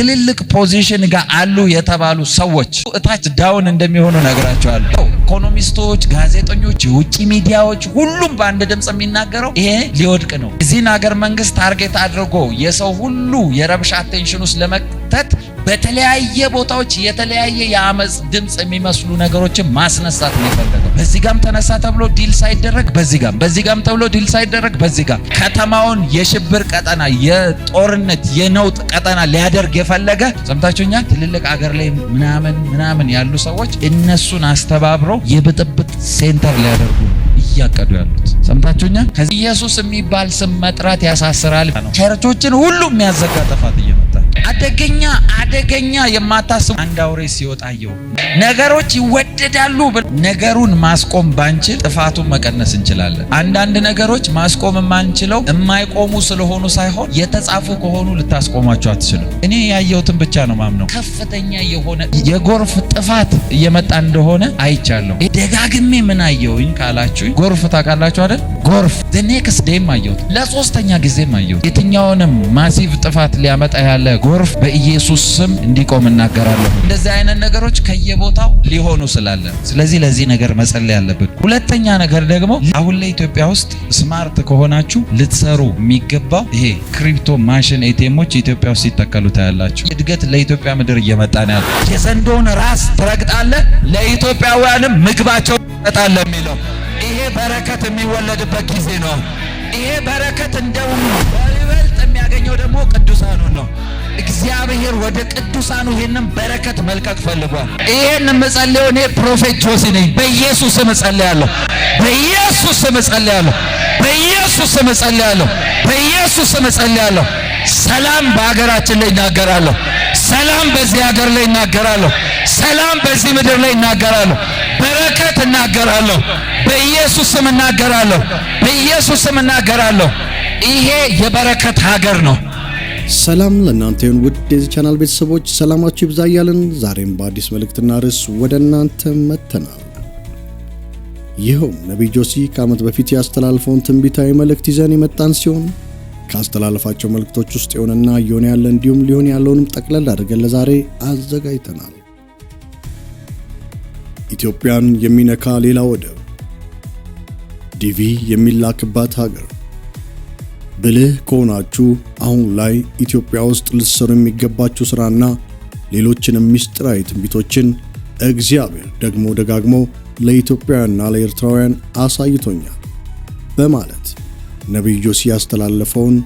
ትልልቅ ፖዚሽን ጋር አሉ የተባሉ ሰዎች እታች ዳውን እንደሚሆኑ ነግራቸዋለሁ። ኢኮኖሚስቶች፣ ጋዜጠኞች፣ የውጭ ሚዲያዎች ሁሉም በአንድ ድምፅ የሚናገረው ይሄ ሊወድቅ ነው። እዚህን ሀገር መንግስት ታርጌት አድርጎ የሰው ሁሉ የረብሻ አቴንሽን ውስጥ ለመክተት በተለያየ ቦታዎች የተለያየ የአመፅ ድምፅ የሚመስሉ ነገሮችን ማስነሳት ነው የፈለገው። በዚህ ጋም ተነሳ ተብሎ ዲል ሳይደረግ በዚህ ጋም በዚህ ጋም ተብሎ ዲል ሳይደረግ በዚህ ጋም ከተማውን የሽብር ቀጠና፣ የጦርነት የነውጥ ቀጠና ሊያደርግ የፈለገ ሰምታችሁኛ። ትልልቅ አገር ላይ ምናምን ምናምን ያሉ ሰዎች እነሱን አስተባብሮ ነው የብጥብጥ ሴንተር ሊያደርጉ እያቀዱ ያሉት ሰምታችሁኛ። ከዚህ ኢየሱስ የሚባል ስም መጥራት ያሳስራል። ቸርቾችን ሁሉ የሚያዘጋ ጥፋት አደገኛ አደገኛ የማታስቡ አንድ አውሬ ሲወጣ አየሁ። ነገሮች ይወደዳሉ። ነገሩን ማስቆም ባንችል ጥፋቱን መቀነስ እንችላለን። አንዳንድ ነገሮች ማስቆም የማንችለው የማይቆሙ ስለሆኑ ሳይሆን የተጻፉ ከሆኑ ልታስቆሟቸው አትችሉም። እኔ ያየሁትን ብቻ ነው ማምነው። ከፍተኛ የሆነ የጎርፍ ጥፋት እየመጣ እንደሆነ አይቻለሁ። ደጋግሜ ምን አየሁኝ ካላችሁኝ፣ ጎርፍ ታውቃላችሁ አይደል? ጎርፍ ኔክስት ዴይም አየሁት። ለሶስተኛ ጊዜም አየሁት። የትኛውንም ማሲቭ ጥፋት ሊያመጣ ያለ ጎርፍ በኢየሱስ ስም እንዲቆም እናገራለሁ። እንደዚህ አይነት ነገሮች ከየቦታው ሊሆኑ ስላለ፣ ስለዚህ ለዚህ ነገር መጸለይ ያለብን። ሁለተኛ ነገር ደግሞ አሁን ለኢትዮጵያ ውስጥ ስማርት ከሆናችሁ ልትሰሩ የሚገባው ይሄ ክሪፕቶ ማሽን ኤቲኤሞች ኢትዮጵያ ውስጥ ሲተከሉ ታያላችሁ። እድገት ለኢትዮጵያ ምድር እየመጣ ነው ያለ የዘንዶውን ራስ ትረግጣለ ለኢትዮጵያውያንም ምግባቸው ይመጣል የሚለው በረከት የሚወለድበት ጊዜ ነው። ይሄ በረከት እንደውም በይበልጥ የሚያገኘው ደግሞ ቅዱሳኑ ነው። እግዚአብሔር ወደ ቅዱሳኑ ይህንን በረከት መልቀቅ ፈልጓል። ይህን የምጸልየው እኔ ፕሮፌት ጆሲ ነኝ። በኢየሱስ ስም እጸልያለሁ። በኢየሱስ እጸልያለሁ። በኢየሱስ እጸልያለሁ። በኢየሱስ እጸልያለሁ። ሰላም በሀገራችን ላይ እናገራለሁ። ሰላም በዚህ ሀገር ላይ እናገራለሁ። ሰላም በዚህ ምድር ላይ እናገራለሁ። በረከት እናገራለሁ። በኢየሱስ ስም እናገራለሁ። በኢየሱስ ስም እናገራለሁ። ይሄ የበረከት ሀገር ነው። ሰላም ለእናንተ ይሁን ውድ የዚህ ቻናል ቤተሰቦች፣ ሰላማችሁ ይብዛ እያልን ዛሬም በአዲስ መልእክትና ርዕስ ወደ እናንተ መጥተናል። ይኸውም ነቢይ ጆሲ ከዓመት በፊት ያስተላልፈውን ትንቢታዊ መልእክት ይዘን የመጣን ሲሆን ካስተላለፋቸው መልእክቶች ውስጥ የሆነና እየሆነ ያለ እንዲሁም ሊሆን ያለውንም ጠቅለል አድርገን ለዛሬ አዘጋጅተናል። ኢትዮጵያን የሚነካ ሌላ ወደብ፣ ዲቪ የሚላክባት ሀገር። ብልህ ከሆናችሁ አሁን ላይ ኢትዮጵያ ውስጥ ልትሰሩ የሚገባችሁ ሥራና ሌሎችንም ምስጢራዊ ትንቢቶችን እግዚአብሔር ደግሞ ደጋግሞ ለኢትዮጵያውያንና ለኤርትራውያን አሳይቶኛል በማለት ነቢዩ ጆሲ ያስተላለፈውን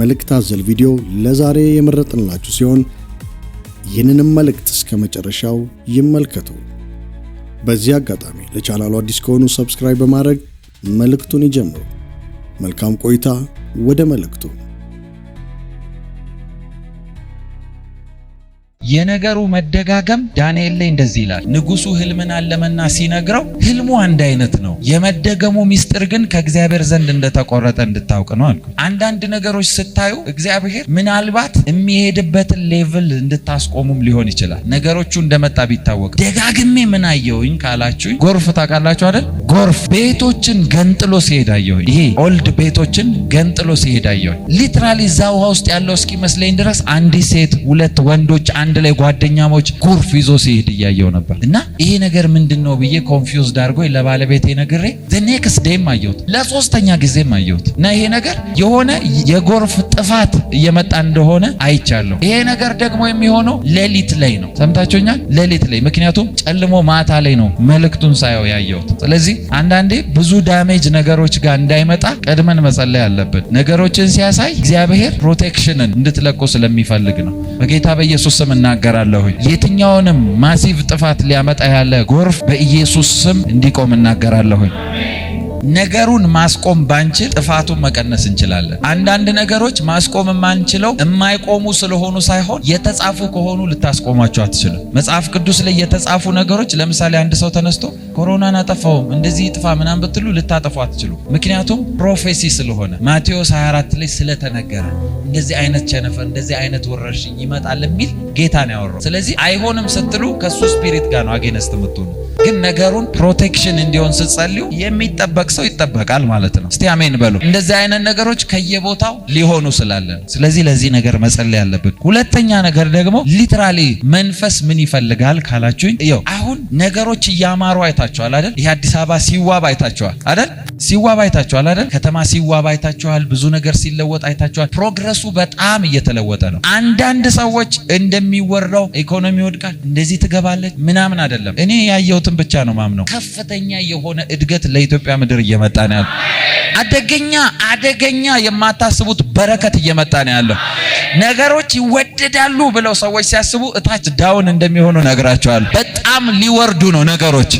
መልእክት አዘል ቪዲዮ ለዛሬ የመረጥንላችሁ ሲሆን ይህንንም መልእክት እስከ መጨረሻው ይመልከቱ። በዚህ አጋጣሚ ለቻናሉ አዲስ ከሆኑ ሰብስክራይብ በማድረግ መልእክቱን ይጀምሩ። መልካም ቆይታ። ወደ መልእክቱ የነገሩ መደጋገም ዳንኤል ላይ እንደዚህ ይላል። ንጉሱ ህልምን አለመና ሲነግረው ህልሙ አንድ አይነት ነው፣ የመደገሙ ሚስጥር ግን ከእግዚአብሔር ዘንድ እንደተቆረጠ እንድታውቅ ነው አልኩ። አንዳንድ ነገሮች ስታዩ እግዚአብሔር ምናልባት የሚሄድበትን ሌቭል እንድታስቆሙም ሊሆን ይችላል። ነገሮቹ እንደመጣ ቢታወቅ ደጋግሜ ምን አየውኝ ካላችሁኝ፣ ጎርፍ ታውቃላችሁ አይደል? ጎርፍ ቤቶችን ገንጥሎ ሲሄድ አየውኝ። ይሄ ኦልድ ቤቶችን ገንጥሎ ሲሄድ አየውኝ። ሊትራሊ እዛ ውሃ ውስጥ ያለው እስኪመስለኝ ድረስ አንዲት ሴት፣ ሁለት ወንዶች፣ አንድ አንድ ላይ ጓደኛሞች ጎርፍ ይዞ ሲሄድ እያየው ነበር እና ይሄ ነገር ምንድን ነው ብዬ ኮንፊውዝድ አድርጎኝ ለባለቤቴ ነግሬ ኔክስት ዴይም አየሁት፣ ለሶስተኛ ጊዜም አየሁት እና ይሄ ነገር የሆነ የጎርፍ ጥፋት እየመጣ እንደሆነ አይቻለሁ። ይሄ ነገር ደግሞ የሚሆነው ሌሊት ላይ ነው። ሰምታችሁኛል? ሌሊት ላይ ምክንያቱም ጨልሞ ማታ ላይ ነው መልእክቱን ሳየው ያየሁት። ስለዚህ አንዳንዴ ብዙ ዳሜጅ ነገሮች ጋር እንዳይመጣ ቀድመን መጸለይ አለብን። ነገሮችን ሲያሳይ እግዚአብሔር ፕሮቴክሽንን እንድትለቁ ስለሚፈልግ ነው። በጌታ በኢየሱስ ስም እናገራለሁ። የትኛውንም ማሲቭ ጥፋት ሊያመጣ ያለ ጎርፍ በኢየሱስ ስም እንዲቆም እናገራለሁኝ። ነገሩን ማስቆም ባንችል ጥፋቱን መቀነስ እንችላለን። አንዳንድ ነገሮች ማስቆም የማንችለው የማይቆሙ ስለሆኑ ሳይሆን የተጻፉ ከሆኑ ልታስቆሟቸው አትችልም። መጽሐፍ ቅዱስ ላይ የተጻፉ ነገሮች ለምሳሌ አንድ ሰው ተነስቶ ኮሮናን አጠፋውም እንደዚህ ጥፋ ምናም ብትሉ ልታጠፉ አትችሉ። ምክንያቱም ፕሮፌሲ ስለሆነ ማቴዎስ 24 ላይ ስለተነገረ እንደዚህ አይነት ቸነፈር እንደዚህ አይነት ወረርሽኝ ይመጣል የሚል ጌታ ነው ያወራው። ስለዚህ አይሆንም ስትሉ ከሱ ስፒሪት ጋር ነው አጌነስት የምትሆኑ ግን ነገሩን ፕሮቴክሽን እንዲሆን ስትጸልዩ የሚጠበቅ ሰው ይጠበቃል ማለት ነው። እስቲ አሜን በሉ። እንደዚህ አይነት ነገሮች ከየቦታው ሊሆኑ ስላለ ስለዚህ ለዚህ ነገር መጸለይ ያለብን። ሁለተኛ ነገር ደግሞ ሊትራሊ መንፈስ ምን ይፈልጋል ካላችሁኝ፣ ይኸው አሁን ነገሮች እያማሩ አይታችኋል አይደል? ይህ አዲስ አበባ ሲዋብ አይታችኋል አይደል? ሲዋብ አይታችኋል አይደል? ከተማ ሲዋብ አይታችኋል። ብዙ ነገር ሲለወጥ አይታችኋል። ፕሮግረሱ በጣም እየተለወጠ ነው። አንዳንድ ሰዎች እንደሚወራው ኢኮኖሚ ይወድቃል፣ እንደዚህ ትገባለች ምናምን አይደለም። እኔ ያየሁትን ብቻ ነው ማምነው። ከፍተኛ የሆነ እድገት ለኢትዮጵያ ምድር እየመ እየመጣ ነው። አደገኛ አደገኛ የማታስቡት በረከት እየመጣ ነው ያለው። ነገሮች ይወደዳሉ ብለው ሰዎች ሲያስቡ እታች ዳውን እንደሚሆኑ ነግራቸዋል። በጣም ሊወርዱ ነው ነገሮች።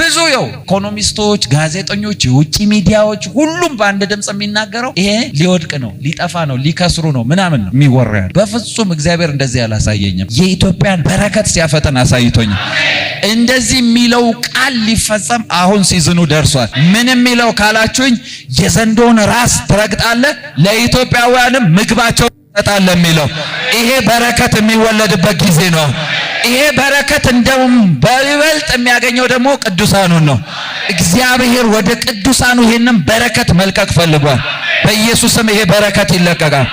ብዙ የው ኢኮኖሚስቶች፣ ጋዜጠኞች፣ የውጭ ሚዲያዎች ሁሉም በአንድ ድምፅ የሚናገረው ይሄ ሊወድቅ ነው፣ ሊጠፋ ነው፣ ሊከስሩ ነው ምናምን ነው የሚወራ በፍጹም እግዚአብሔር እንደዚህ አላሳየኝም። የኢትዮጵያን በረከት ሲያፈጥን አሳይቶኛል። እንደዚህ የሚለው ቃል ሊፈጸም አሁን ሲዝኑ ደርሷል። ምን የሚለው ካላችሁኝ የዘንዶውን ራስ ትረግጣለህ ለኢትዮ ኢትዮጵያውያንም ምግባቸው ይሰጣል የሚለው ይሄ በረከት የሚወለድበት ጊዜ ነው። ይሄ በረከት እንደውም በይበልጥ የሚያገኘው ደግሞ ቅዱሳኑን ነው። እግዚአብሔር ወደ ቅዱሳኑ ይሄንን በረከት መልቀቅ ፈልጓል። ስም ይሄ በረከት ይለቀቃል።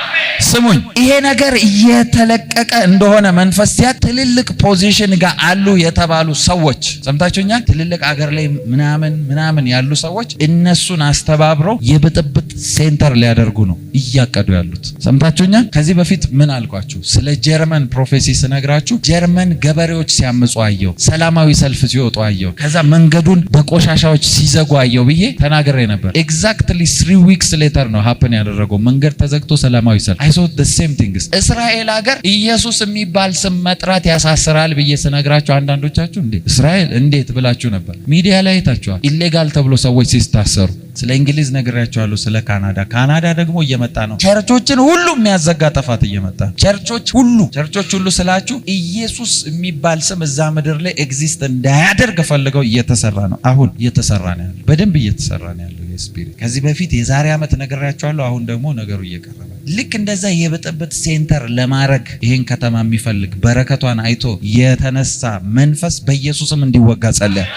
ስሙኝ፣ ይሄ ነገር እየተለቀቀ እንደሆነ መንፈስ ያ ትልልቅ ፖዚሽን ጋር አሉ የተባሉ ሰዎች ሰምታችሁኛል። ትልልቅ አገር ላይ ምናምን ምናምን ያሉ ሰዎች እነሱን አስተባብረው የብጥብጥ ሴንተር ሊያደርጉ ነው እያቀዱ ያሉት። ሰምታችሁኛል። ከዚህ በፊት ምን አልኳችሁ? ስለ ጀርመን ፕሮፌሲ ስነግራችሁ ጀርመን ገበሬዎች ሲያምፁ አየው፣ ሰላማዊ ሰልፍ ሲወጡ አየው። ከዛ መንገዱን በቆሻሻ ሁኔታዎች ሲዘጉ አየው ብዬ ተናግሬ ነበር። ኤግዛክትሊ ስሪ ዊክስ ሌተር ነው ሀፕን ያደረገው። መንገድ ተዘግቶ ሰላማዊ ሰልፍ ዘ ሴም ቲንግስ እስራኤል ሀገር ኢየሱስ የሚባል ስም መጥራት ያሳስራል ብዬ ስነግራቸው አንዳንዶቻችሁ እንዴ እስራኤል እንዴት ብላችሁ ነበር። ሚዲያ ላይ አይታችኋል። ኢሌጋል ተብሎ ሰዎች ሲታሰሩ ስለ እንግሊዝ ነግሬያቸዋለሁ፣ ስለ ካናዳ። ካናዳ ደግሞ እየመጣ ነው። ቸርቾችን ሁሉ የሚያዘጋ ጥፋት እየመጣ ነው። ቸርቾች ሁሉ ቸርቾች ሁሉ ስላችሁ ኢየሱስ የሚባል ስም እዛ ምድር ላይ ኤግዚስት እንዳያደርግ ፈልገው እየተሰራ ነው። አሁን እየተሰራ ነው ያለው፣ በደንብ እየተሰራ ነው ያለው ስፒሪት። ከዚህ በፊት የዛሬ ዓመት ነግሬያቸዋለሁ። አሁን ደግሞ ነገሩ እየቀረ ልክ እንደዛ የብጥብጥ ሴንተር ለማድረግ ይህን ከተማ የሚፈልግ በረከቷን አይቶ የተነሳ መንፈስ በኢየሱስም እንዲወጋ ጸለያ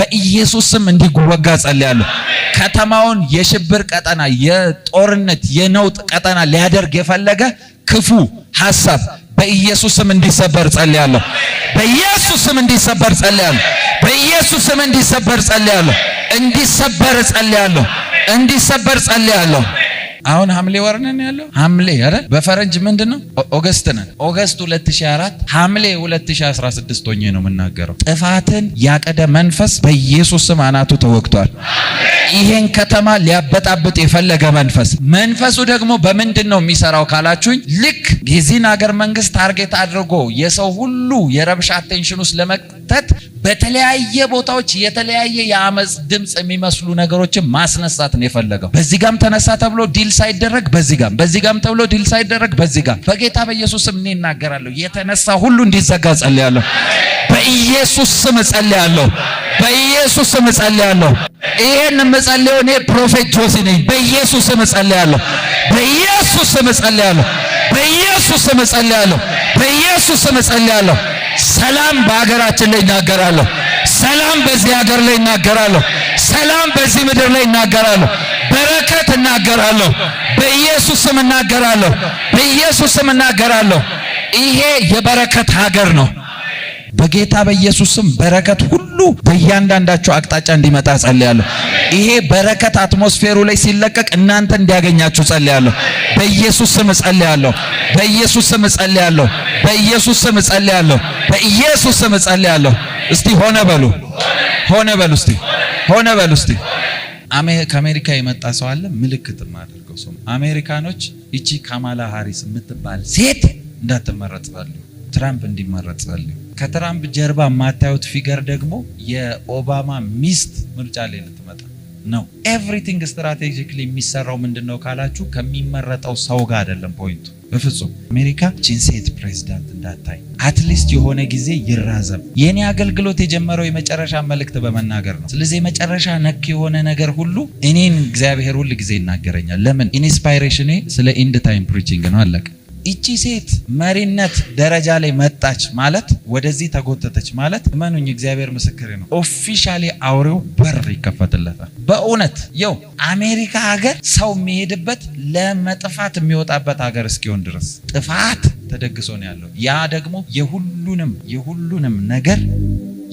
በኢየሱስ ስም እንዲወጋ ጸልያለሁ። ከተማውን የሽብር ቀጠና፣ የጦርነት የነውጥ ቀጠና ሊያደርግ የፈለገ ክፉ ሐሳብ በኢየሱስ ስም እንዲሰበር ጸልያለሁ። በኢየሱስ ስም እንዲሰበር ጸልያለሁ። በኢየሱስ ስም እንዲሰበር ጸልያለሁ። እንዲሰበር ጸልያለሁ። እንዲሰበር ጸልያለሁ። አሁን ሐምሌ ወር ነን ያለው ሐምሌ አረ በፈረንጅ ምንድን ነው ኦገስት ነን። ኦገስት 2004 ሐምሌ 2016 ሆኜ ነው የምናገረው። ጥፋትን ያቀደ መንፈስ በኢየሱስ ስም አናቱ ተወግቷል። ይሄን ከተማ ሊያበጣብጥ የፈለገ መንፈስ መንፈሱ ደግሞ በምንድን ነው የሚሰራው ካላችሁኝ ልክ የዚህን ሀገር መንግስት ታርጌት አድርጎ የሰው ሁሉ የረብሻ አቴንሽን ውስጥ ለመቅ ስህተት በተለያየ ቦታዎች የተለያየ የአመፅ ድምፅ የሚመስሉ ነገሮችን ማስነሳት ነው የፈለገው። በዚህ ጋም ተነሳ ተብሎ ዲል ሳይደረግ በዚህ ጋም፣ በዚህ ጋም ተብሎ ዲል ሳይደረግ በዚህ ጋም። በጌታ በኢየሱስ ስም እኔ እናገራለሁ፣ የተነሳ ሁሉ እንዲዘጋ ጸልያለሁ። በኢየሱስ ስም ጸልያለሁ። በኢየሱስ ስም ጸልያለሁ። ይሄን የምጸልየው እኔ ፕሮፌት ጆሲ ነኝ። በኢየሱስ ስም ጸልያለሁ። በኢየሱስ ስም ጸልያለሁ። በኢየሱስ ስም ጸልያለሁ። በኢየሱስ ስም ጸልያለሁ። ሰላም በሀገራችን ላይ ይናገራለሁ። ሰላም በዚህ ሀገር ላይ ይናገራለሁ። ሰላም በዚህ ምድር ላይ ይናገራለሁ። በረከት እናገራለሁ። በኢየሱስ ስም እናገራለሁ። በኢየሱስ ስም እናገራለሁ። ይሄ የበረከት ሀገር ነው። በጌታ በኢየሱስ ስም በረከት ሁሉ በእያንዳንዳቸው አቅጣጫ እንዲመጣ ጸልያለሁ። ይሄ በረከት አትሞስፌሩ ላይ ሲለቀቅ እናንተ እንዲያገኛችሁ ጸልያለሁ። በኢየሱስ ስም ጸልያለሁ። በኢየሱስ ስም ጸልያለሁ። በኢየሱስ ስም ጸልያለሁ። በኢየሱስ ስም ጸልያለሁ። እስቲ ሆነ በሉ፣ ሆነ በሉ፣ እስቲ ሆነ በሉ፣ እስቲ ከአሜሪካ የመጣ ሰው አለ። ምልክት ማደርገው ሰው አሜሪካኖች፣ ይቺ ካማላ ሃሪስ የምትባል ሴት እንዳትመረጥ ጸልዩ። ትራምፕ እንዲመረጥ ጸልዩ። ከትራምፕ ጀርባ የማታዩት ፊገር ደግሞ የኦባማ ሚስት ምርጫ ላይ ልትመጣ ነው። ኤቭሪቲንግ ስትራቴጂክሊ የሚሰራው ምንድን ነው ካላችሁ ከሚመረጠው ሰው ጋር አይደለም ፖይንቱ በፍጹም አሜሪካ ቺን ሴት ፕሬዚዳንት እንዳታይ አትሊስት የሆነ ጊዜ ይራዘም። የኔ አገልግሎት የጀመረው የመጨረሻ መልእክት በመናገር ነው። ስለዚህ የመጨረሻ ነክ የሆነ ነገር ሁሉ እኔን እግዚአብሔር ሁል ጊዜ ይናገረኛል። ለምን ኢንስፓይሬሽኔ ስለ ኢንድ ታይም ፕሪቺንግ ነው። አለቀ። እቺ ሴት መሪነት ደረጃ ላይ መጣች ማለት ወደዚህ ተጎተተች ማለት እመኑኝ፣ እግዚአብሔር ምስክር ነው። ኦፊሻሊ አውሬው በር ይከፈትለታል። በእውነት የው አሜሪካ ሀገር ሰው የሚሄድበት ለመጥፋት የሚወጣበት ሀገር እስኪሆን ድረስ ጥፋት ተደግሶ ነው ያለው። ያ ደግሞ የሁሉንም የሁሉንም ነገር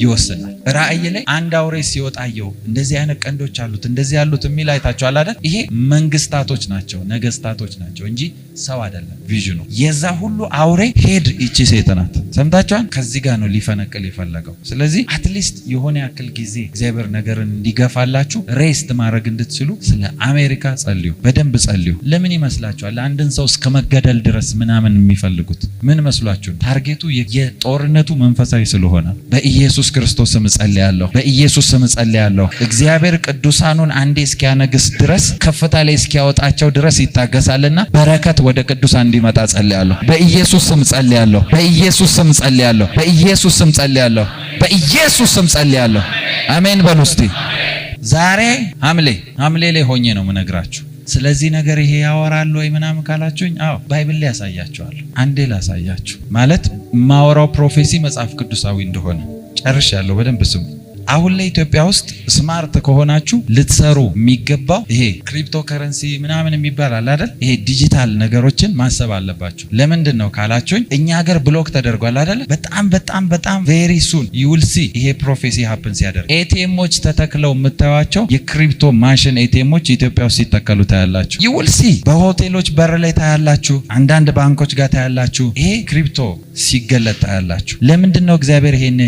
ይወስናል። ራእይ ላይ አንድ አውሬ ሲወጣ አየው። እንደዚህ አይነት ቀንዶች አሉት፣ እንደዚህ ያሉት የሚል አይታቸው አላደ። ይሄ መንግስታቶች ናቸው፣ ነገስታቶች ናቸው እንጂ ሰው አይደለም። ቪዥኑ የዛ ሁሉ አውሬ ሄድ ይቺ ሴት ናት። ሰምታችኋል? ከዚህ ጋር ነው ሊፈነቅል የፈለገው። ስለዚህ አትሊስት የሆነ ያክል ጊዜ እግዚአብሔር ነገርን እንዲገፋላችሁ ሬስት ማድረግ እንድትችሉ ስለ አሜሪካ ጸልዩ፣ በደንብ ጸልዩ። ለምን ይመስላችኋል? ለአንድን ሰው እስከ መገደል ድረስ ምናምን የሚፈልጉት ምን መስሏችሁ? ታርጌቱ የጦርነቱ መንፈሳዊ ስለሆነ በኢየሱስ ክርስቶስ ስም ጸልያለሁ፣ በኢየሱስ ስም ጸልያለሁ። እግዚአብሔር ቅዱሳኑን አንዴ እስኪያነግስ ድረስ ከፍታ ላይ እስኪያወጣቸው ድረስ ይታገሳልና በረከት ወደ ቅዱሳን እንዲመጣ ጸልያለሁ። በኢየሱስ ስም ጸልያለሁ። በኢየሱስ ስም ጸልያለሁ። በኢየሱስ ስም ጸልያለሁ። በኢየሱስ ስም ጸልያለሁ። አሜን በሉ እስቲ። ዛሬ ሐምሌ ሐምሌ ላይ ሆኜ ነው የምነግራችሁ ስለዚህ ነገር ይሄ ያወራል ወይ ምናምን ካላችሁኝ፣ አዎ ባይብል ላይ ያሳያችኋል። አንዴ ላሳያችሁ ማለት ማወራው ፕሮፌሲ መጽሐፍ ቅዱሳዊ እንደሆነ ጨርሻለሁ። በደንብ ስሙ። አሁን ላይ ኢትዮጵያ ውስጥ ስማርት ከሆናችሁ ልትሰሩ የሚገባው ይሄ ክሪፕቶ ከረንሲ ምናምን የሚባል አለ አይደል? ይሄ ዲጂታል ነገሮችን ማሰብ አለባችሁ። ለምንድን ነው ካላችሁኝ፣ እኛ ሀገር ብሎክ ተደርጓል አይደል? በጣም በጣም በጣም ቬሪ ሱን ዩል ይሄ ፕሮፌሲ ሀፕን ሲያደርግ ኤቲኤሞች ተተክለው የምታዩቸው የክሪፕቶ ማሽን ኤቲኤሞች ኢትዮጵያ ውስጥ ሲተከሉ ታያላችሁ። ዩል ሲ በሆቴሎች በር ላይ ታያላችሁ፣ አንዳንድ ባንኮች ጋር ታያላችሁ። ይሄ ክሪፕቶ ሲገለጥ ታያላችሁ። ለምንድን ነው እግዚአብሔር ይሄን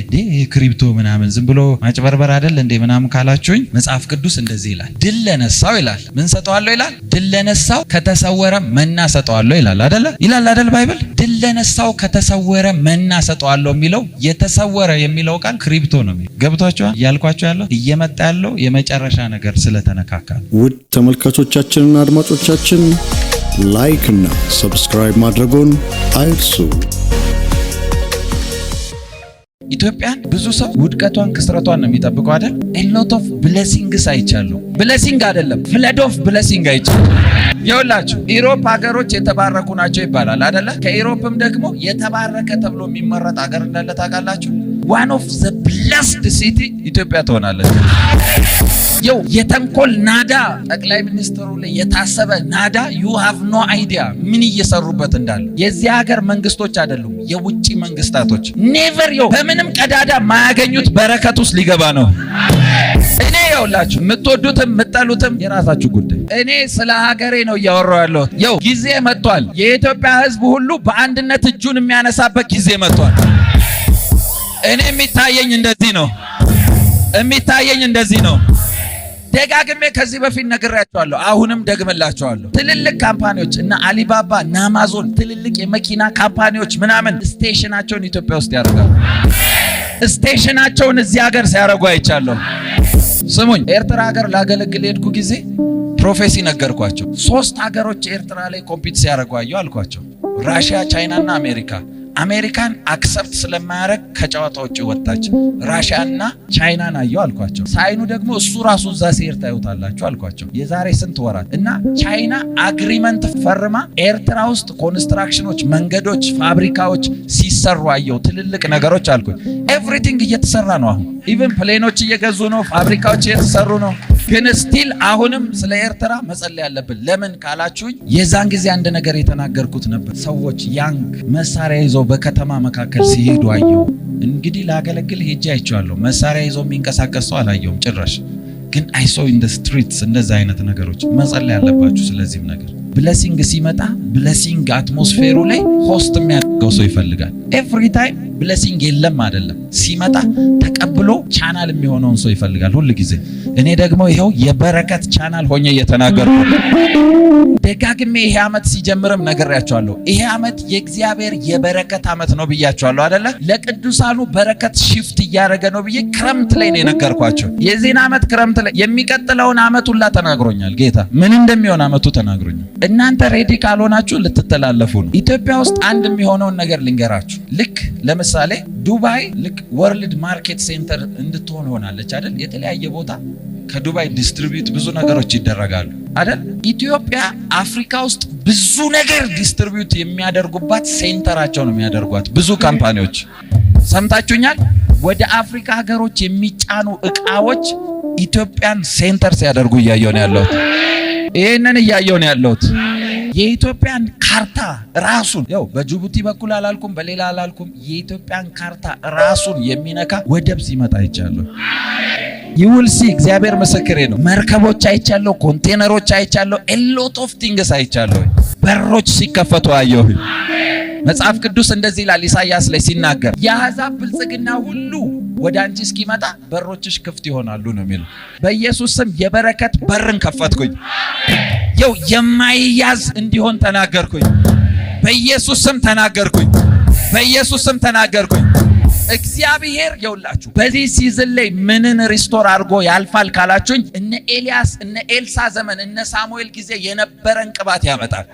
ክሪፕቶ ምናምን ዝም ብሎ ማጭበርበር አይደል እንዴ ምናምን ካላችሁኝ መጽሐፍ ቅዱስ እንደዚህ ይላል። ድል ለነሳው ይላል ምን ሰጠዋለሁ ይላል። ድል ለነሳው ከተሰወረ መና ሰጠዋለሁ ይላል አደለ ይላል አደል ባይብል። ድል ለነሳው ከተሰወረ መና ሰጠዋለሁ የሚለው የተሰወረ የሚለው ቃል ክሪፕቶ ነው። ገብቷችኋል? እያልኳቸው ያለው እየመጣ ያለው የመጨረሻ ነገር ስለተነካካ ውድ ተመልካቾቻችንና አድማጮቻችን ላይክ እና ሰብስክራይብ ማድረጎን አይርሱ። ኢትዮጵያን ብዙ ሰው ውድቀቷን ክስረቷን ነው የሚጠብቀው አይደል? ኤሎት ኦፍ ብሌሲንግስ አይቻለሁ። ብሌሲንግ አይደለም ፍለድ ኦፍ ብሌሲንግ አይቻለሁ። ይኸውላችሁ ኢሮፕ ሀገሮች የተባረኩ ናቸው ይባላል አደለ? ከኢሮፕም ደግሞ የተባረከ ተብሎ የሚመረጥ ሀገር እንዳለ ታውቃላችሁ። ዋን ኦፍ ዘ ብለስድ ሲቲ ኢትዮጵያ ትሆናለች። የው የተንኮል ናዳ ጠቅላይ ሚኒስትሩ ላይ የታሰበ ናዳ ዩ ሃቭ ኖ አይዲያ ምን እየሰሩበት እንዳለ። የዚህ ሀገር መንግስቶች አይደሉም የውጭ መንግስታቶች ኔቨር የው በምንም ቀዳዳ ማያገኙት በረከት ውስጥ ሊገባ ነው። ይኸውላችሁ የምትወዱትም የምትጠሉትም የራሳችሁ ጉዳይ። እኔ ስለ ሀገሬ ነው እያወራሁ ያለሁት። ይኸው ጊዜ መጥቷል። የኢትዮጵያ ሕዝብ ሁሉ በአንድነት እጁን የሚያነሳበት ጊዜ መጥቷል። እኔ የሚታየኝ እንደዚህ ነው። የሚታየኝ እንደዚህ ነው። ደጋግሜ ከዚህ በፊት ነግሬያቸዋለሁ፣ አሁንም ደግምላቸዋለሁ። ትልልቅ ካምፓኒዎች እና አሊባባ እና አማዞን ትልልቅ የመኪና ካምፓኒዎች ምናምን ስቴሽናቸውን ኢትዮጵያ ውስጥ ያደርጋሉ። ስቴሽናቸውን እዚህ ሀገር ሲያደርጉ አይቻለሁ። ስሙኝ፣ ኤርትራ ሀገር ላገለግል የሄድኩ ጊዜ ፕሮፌሲ ነገርኳቸው። ሶስት ሀገሮች ኤርትራ ላይ ኮምፒት ሲያደርጓዩ አልኳቸው፣ ራሽያ፣ ቻይና እና አሜሪካ አሜሪካን አክሰፕት ስለማያደረግ ከጨዋታ ውጭ ወጣች። ራሽያና ቻይናን አየው አልኳቸው። ሳይኑ ደግሞ እሱ ራሱ እዛ ሲሄድ ታዩታላችሁ አልኳቸው። የዛሬ ስንት ወራት እና ቻይና አግሪመንት ፈርማ ኤርትራ ውስጥ ኮንስትራክሽኖች፣ መንገዶች፣ ፋብሪካዎች ሲሰሩ አየው። ትልልቅ ነገሮች አልኩኝ። ኤቭሪቲንግ እየተሰራ ነው አሁን። ኢቨን ፕሌኖች እየገዙ ነው። ፋብሪካዎች እየተሰሩ ነው። ግን ስቲል አሁንም ስለ ኤርትራ መጸለይ ያለብን ለምን ካላችሁኝ የዛን ጊዜ አንድ ነገር የተናገርኩት ነበር። ሰዎች ያንግ መሳሪያ ይዘው በከተማ መካከል ሲሄዱ አየሁ። እንግዲህ ላገለግል ሄጄ አይቼዋለሁ። መሳሪያ ይዘው የሚንቀሳቀስ ሰው አላየውም ጭራሽ ግን ሶ ኢን ስትሪትስ እንደዚህ አይነት ነገሮች መጸለይ ያለባችሁ። ስለዚህም ነገር ብለሲንግ ሲመጣ ብለሲንግ አትሞስፌሩ ላይ ሆስት የሚያደርገው ሰው ይፈልጋል። ኤቭሪ ታይም ብለሲንግ የለም አይደለም። ሲመጣ ተቀብሎ ቻናል የሚሆነውን ሰው ይፈልጋል ሁል ጊዜ። እኔ ደግሞ ይኸው የበረከት ቻናል ሆኜ እየተናገርኩ ደጋግሜ ይሄ ዓመት ሲጀምርም ነግሬያቸዋለሁ። ይሄ ዓመት የእግዚአብሔር የበረከት ዓመት ነው ብያቸዋለሁ አይደለ? ለቅዱሳኑ በረከት ሽፍት እያደረገ ነው ብዬ ክረምት ላይ ነው የነገርኳቸው። የዚህን ዓመት ክረምት ላይ የሚቀጥለውን ዓመት ሁላ ተናግሮኛል ጌታ። ምን እንደሚሆን ዓመቱ ተናግሮኛል። እናንተ ሬዲ ካልሆናችሁ ልትተላለፉ ነው። ኢትዮጵያ ውስጥ አንድ የሚሆነውን ነገር ልንገራችሁ ልክ ለምሳሌ ዱባይ ልክ ወርልድ ማርኬት ሴንተር እንድትሆን ሆናለች አይደል? የተለያየ ቦታ ከዱባይ ዲስትሪቢዩት ብዙ ነገሮች ይደረጋሉ አይደል? ኢትዮጵያ አፍሪካ ውስጥ ብዙ ነገር ዲስትሪቢዩት የሚያደርጉባት ሴንተራቸው ነው የሚያደርጓት ብዙ ካምፓኒዎች። ሰምታችሁኛል? ወደ አፍሪካ ሀገሮች የሚጫኑ እቃዎች ኢትዮጵያን ሴንተር ሲያደርጉ እያየሁ ነው ያለሁት። ይህንን እያየሁ ነው ያለሁት። የኢትዮጵያን ካርታ ራሱን ያው በጅቡቲ በኩል አላልኩም፣ በሌላ አላልኩም። የኢትዮጵያን ካርታ ራሱን የሚነካ ወደብ ሲመጣ አይቻለሁ። ሲ እግዚአብሔር ምስክሬ ነው። መርከቦች አይቻለሁ፣ ኮንቴነሮች አይቻለሁ፣ ኤሎት ኦፍ ቲንግስ አይቻለሁ። በሮች ሲከፈቱ አየሁ። መጽሐፍ ቅዱስ እንደዚህ ይላል ኢሳያስ ላይ ሲናገር የአሕዛብ ብልጽግና ሁሉ ወደ አንቺ እስኪመጣ በሮችሽ ክፍት ይሆናሉ ነው የሚለው። በኢየሱስ ስም የበረከት በርን ከፈትኩኝ። ያየው የማይያዝ እንዲሆን ተናገርኩኝ። በኢየሱስ ስም ተናገርኩኝ። በኢየሱስ ስም ተናገርኩኝ። እግዚአብሔር የውላችሁ በዚህ ሲዝን ላይ ምንን ሪስቶር አድርጎ ያልፋል ካላችሁኝ፣ እነ ኤልያስ እነ ኤልሳ ዘመን እነ ሳሙኤል ጊዜ የነበረን ቅባት ያመጣል።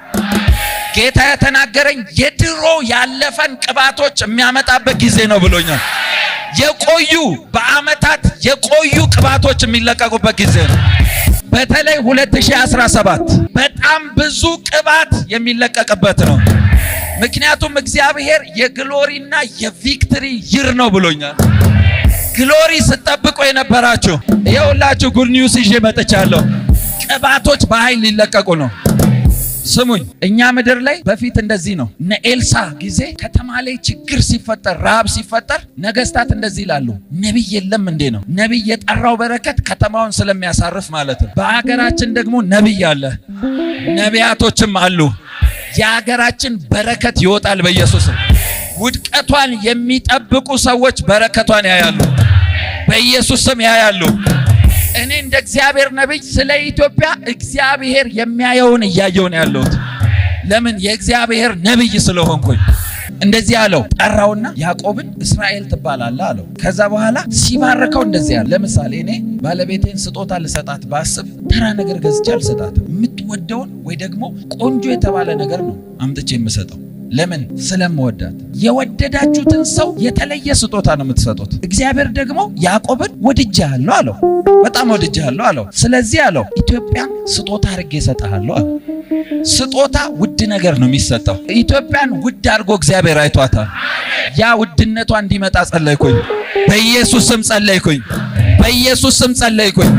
ጌታ የተናገረኝ የድሮ ያለፈን ቅባቶች የሚያመጣበት ጊዜ ነው ብሎኛል። የቆዩ በአመታት የቆዩ ቅባቶች የሚለቀቁበት ጊዜ ነው። በተለይ 2017 በጣም ብዙ ቅባት የሚለቀቅበት ነው። ምክንያቱም እግዚአብሔር የግሎሪና የቪክትሪ ይር ነው ብሎኛል። ግሎሪ ስጠብቆ የነበራችሁ የሁላችሁ ጉድ ኒውስ ይዤ መጥቻለሁ። ቅባቶች በኃይል ሊለቀቁ ነው። ስሙኝ፣ እኛ ምድር ላይ በፊት እንደዚህ ነው። እነ ኤልሳ ጊዜ ከተማ ላይ ችግር ሲፈጠር፣ ረሃብ ሲፈጠር ነገስታት እንደዚህ ይላሉ፣ ነቢይ የለም እንዴ ነው። ነቢይ የጠራው በረከት ከተማውን ስለሚያሳርፍ ማለት ነው። በሀገራችን ደግሞ ነቢይ አለ፣ ነቢያቶችም አሉ። የሀገራችን በረከት ይወጣል በኢየሱስ። ውድቀቷን የሚጠብቁ ሰዎች በረከቷን ያያሉ፣ በኢየሱስ ስም ያያሉ። እኔ እንደ እግዚአብሔር ነብይ ስለ ኢትዮጵያ እግዚአብሔር የሚያየውን እያየው ነው ያለሁት። ለምን የእግዚአብሔር ነብይ ስለሆንኩኝ። እንደዚህ አለው፣ ጠራውና ያዕቆብን እስራኤል ትባላለህ አለው። ከዛ በኋላ ሲባረከው እንደዚህ አለ። ለምሳሌ እኔ ባለቤቴን ስጦታ ልሰጣት ባስብ ተራ ነገር ገዝቼ አልሰጣትም። የምትወደውን ወይ ደግሞ ቆንጆ የተባለ ነገር ነው አምጥቼ የምሰጠው ለምን? ስለምወዳት። የወደዳችሁትን ሰው የተለየ ስጦታ ነው የምትሰጡት። እግዚአብሔር ደግሞ ያዕቆብን ወድጄሃለሁ አለው፣ በጣም ወድጄሃለሁ አለው። ስለዚህ አለው ኢትዮጵያን ስጦታ አድርጌ እሰጥሃለሁ አለው። ስጦታ ውድ ነገር ነው የሚሰጠው። ኢትዮጵያን ውድ አድርጎ እግዚአብሔር አይቷታል። ያ ውድነቷ እንዲመጣ ጸለይኩኝ። በኢየሱስ ስም ጸለይኩኝ። በኢየሱስ ስም ጸለይኩኝ።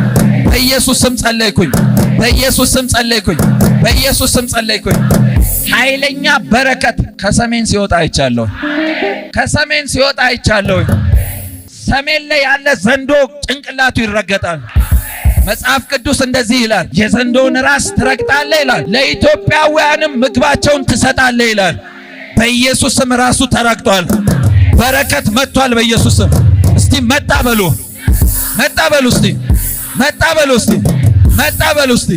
በኢየሱስ ስም ጸለይኩኝ። በኢየሱስ ስም ጸለይኩኝ። በኢየሱስ ስም ጸለይኩኝ። ኃይለኛ በረከት ከሰሜን ሲወጣ አይቻለሁ። ከሰሜን ሲወጣ አይቻለሁ። ሰሜን ላይ ያለ ዘንዶ ጭንቅላቱ ይረገጣል። መጽሐፍ ቅዱስ እንደዚህ ይላል፣ የዘንዶውን ራስ ትረግጣለህ ይላል። ለኢትዮጵያውያንም ምግባቸውን ትሰጣለህ ይላል። በኢየሱስም ራሱ ተረግጧል። በረከት መጥቷል። በኢየሱስም እስቲ መጣ በሉ፣ መጣ በሉ፣ እስቲ መጣ በሉ፣ እስቲ መጣ በሉ፣ እስቲ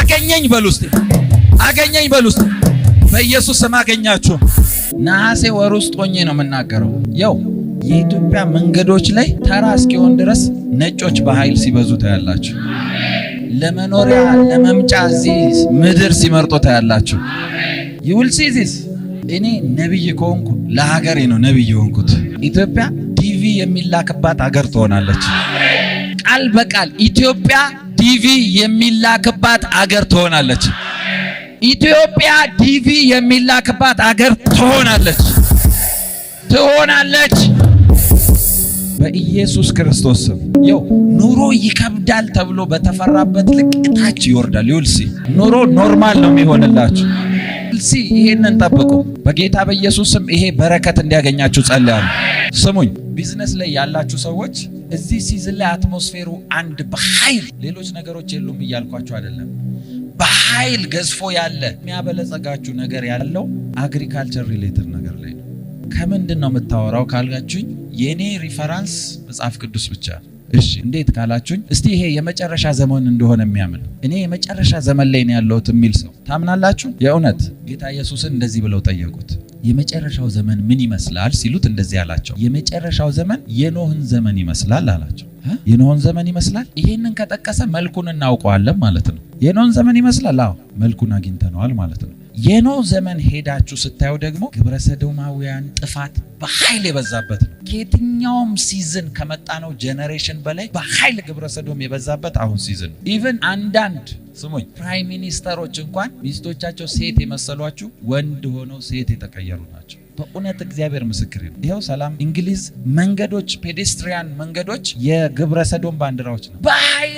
አገኘኝ በሉ፣ እስቲ አገኘኝ በሉ፣ እስቲ በኢየሱስ ስም አገኛችሁ። ነሐሴ ወር ውስጥ ሆኜ ነው የምናገረው። ያው የኢትዮጵያ መንገዶች ላይ ተራ እስኪሆን ድረስ ነጮች በኃይል ሲበዙ ታያላችሁ። ለመኖሪያ ለመምጫ እዚህ ምድር ሲመርጦ ታያላችሁ። ይውል ሲዚስ እኔ ነቢይ ከሆንኩ ለሀገሬ ነው ነቢይ የሆንኩት። ኢትዮጵያ ዲቪ የሚላክባት ሀገር ትሆናለች። ቃል በቃል ኢትዮጵያ ዲቪ የሚላክባት አገር ትሆናለች። ኢትዮጵያ ዲቪ የሚላክባት አገር ትሆናለች ትሆናለች በኢየሱስ ክርስቶስ ስም። ይኸው ኑሮ ይከብዳል ተብሎ በተፈራበት ልቅታች ይወርዳል። ይውልሲ ኑሮ ኖርማል ነው የሚሆንላችሁ። ይልሲ ይሄንን ጠብቁ። በጌታ በኢየሱስ ስም ይሄ በረከት እንዲያገኛችሁ ጸልያለሁ። ስሙኝ፣ ቢዝነስ ላይ ያላችሁ ሰዎች እዚህ ሲዝን ላይ አትሞስፌሩ አንድ በኃይል ሌሎች ነገሮች የሉም እያልኳችሁ አይደለም በኃይል ገዝፎ ያለ የሚያበለጸጋችሁ ነገር ያለው አግሪካልቸር ሪሌትድ ነገር ላይ ነው። ከምንድን ነው የምታወራው ካልጋችሁኝ የእኔ ሪፈራንስ መጽሐፍ ቅዱስ ብቻ እሺ እንዴት ካላችሁኝ፣ እስቲ ይሄ የመጨረሻ ዘመን እንደሆነ የሚያምን እኔ የመጨረሻ ዘመን ላይ ነው ያለሁት የሚል ሰው ታምናላችሁ? የእውነት ጌታ ኢየሱስን እንደዚህ ብለው ጠየቁት። የመጨረሻው ዘመን ምን ይመስላል ሲሉት እንደዚህ አላቸው፣ የመጨረሻው ዘመን የኖህን ዘመን ይመስላል አላቸው። የኖህን ዘመን ይመስላል። ይህንን ከጠቀሰ መልኩን እናውቀዋለን ማለት ነው። የኖህን ዘመን ይመስላል። አዎ መልኩን አግኝተነዋል ማለት ነው። የኖህ ዘመን ሄዳችሁ ስታዩ ደግሞ ግብረ ሰዶማውያን ጥፋት በኃይል የበዛበት ነው። ከየትኛውም ሲዝን ከመጣ ነው ጄኔሬሽን በላይ በኃይል ግብረ ሰዶም የበዛበት አሁን ሲዝን ነው። ኢቨን አንዳንድ ስሙኝ ፕራይም ሚኒስተሮች እንኳን ሚስቶቻቸው ሴት የመሰሏችሁ ወንድ ሆነው ሴት የተቀየሩ ናቸው። በእውነት እግዚአብሔር ምስክር ነው። ይኸው ሰላም እንግሊዝ መንገዶች ፔዴስትሪያን መንገዶች የግብረ ሰዶም ባንዲራዎች ነው።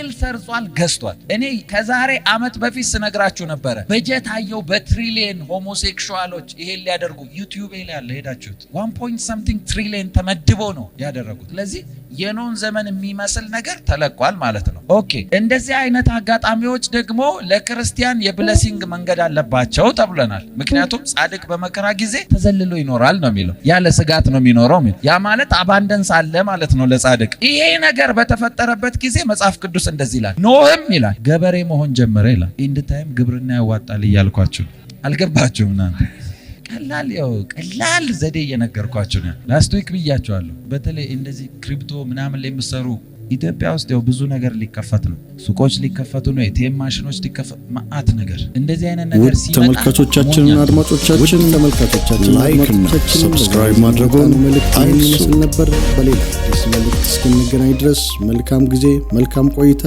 ድል ሰርጿል፣ ገዝቷል። እኔ ከዛሬ አመት በፊት ስነግራችሁ ነበረ። በጀት አየው በትሪሊየን ሆሞሴክሹዋሎች ይሄን ሊያደርጉ ዩቲዩብ ላይ ያለ ሄዳችሁት ዋን ፖይንት ሰምቲንግ ትሪሊየን ተመድቦ ነው ያደረጉት። ስለዚህ የኖን ዘመን የሚመስል ነገር ተለቋል ማለት ነው። ኦኬ እንደዚህ አይነት አጋጣሚዎች ደግሞ ለክርስቲያን የብለሲንግ መንገድ አለባቸው ተብለናል። ምክንያቱም ጻድቅ በመከራ ጊዜ ተዘልሎ ይኖራል ነው የሚለው፣ ያለ ስጋት ነው የሚኖረው። ያ ማለት አባንደንስ አለ ማለት ነው ለጻድቅ። ይሄ ነገር በተፈጠረበት ጊዜ መጽሐፍ ቅዱስ እንደዚህ ይላል። ኖህም ይላል ገበሬ መሆን ጀመረ ይላል። ኢንድ ታይም ግብርና ያዋጣል እያልኳችሁ አልገባችሁም ና ቀላል ያው ቀላል ዘዴ እየነገርኳችሁ ነው። ላስት ዊክ ብያችኋለሁ። በተለይ እንደዚህ ክሪፕቶ ምናምን ላይ የምሰሩ ኢትዮጵያ ውስጥ ያው ብዙ ነገር ሊከፈት ነው። ሱቆች ሊከፈቱ ነው። የቴም ማሽኖች ሊከፈት ማአት ነገር እንደዚህ አይነት ነገር ሲመጣ ተመልካቾቻችንን አድማጮቻችን ተመልካቾቻችን ላይክና ሰብስክራይብ ማድረጉን መልእክት ይመስል ነበር። በሌላ ደስ መልእክት እስክንገናኝ ድረስ መልካም ጊዜ፣ መልካም ቆይታ።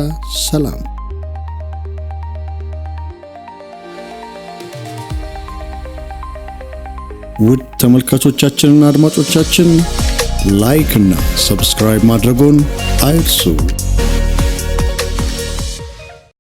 ሰላም ውድ ተመልካቾቻችንና አድማጮቻችን ላይክ እና ሰብስክራይብ ማድረጎን አይርሱ።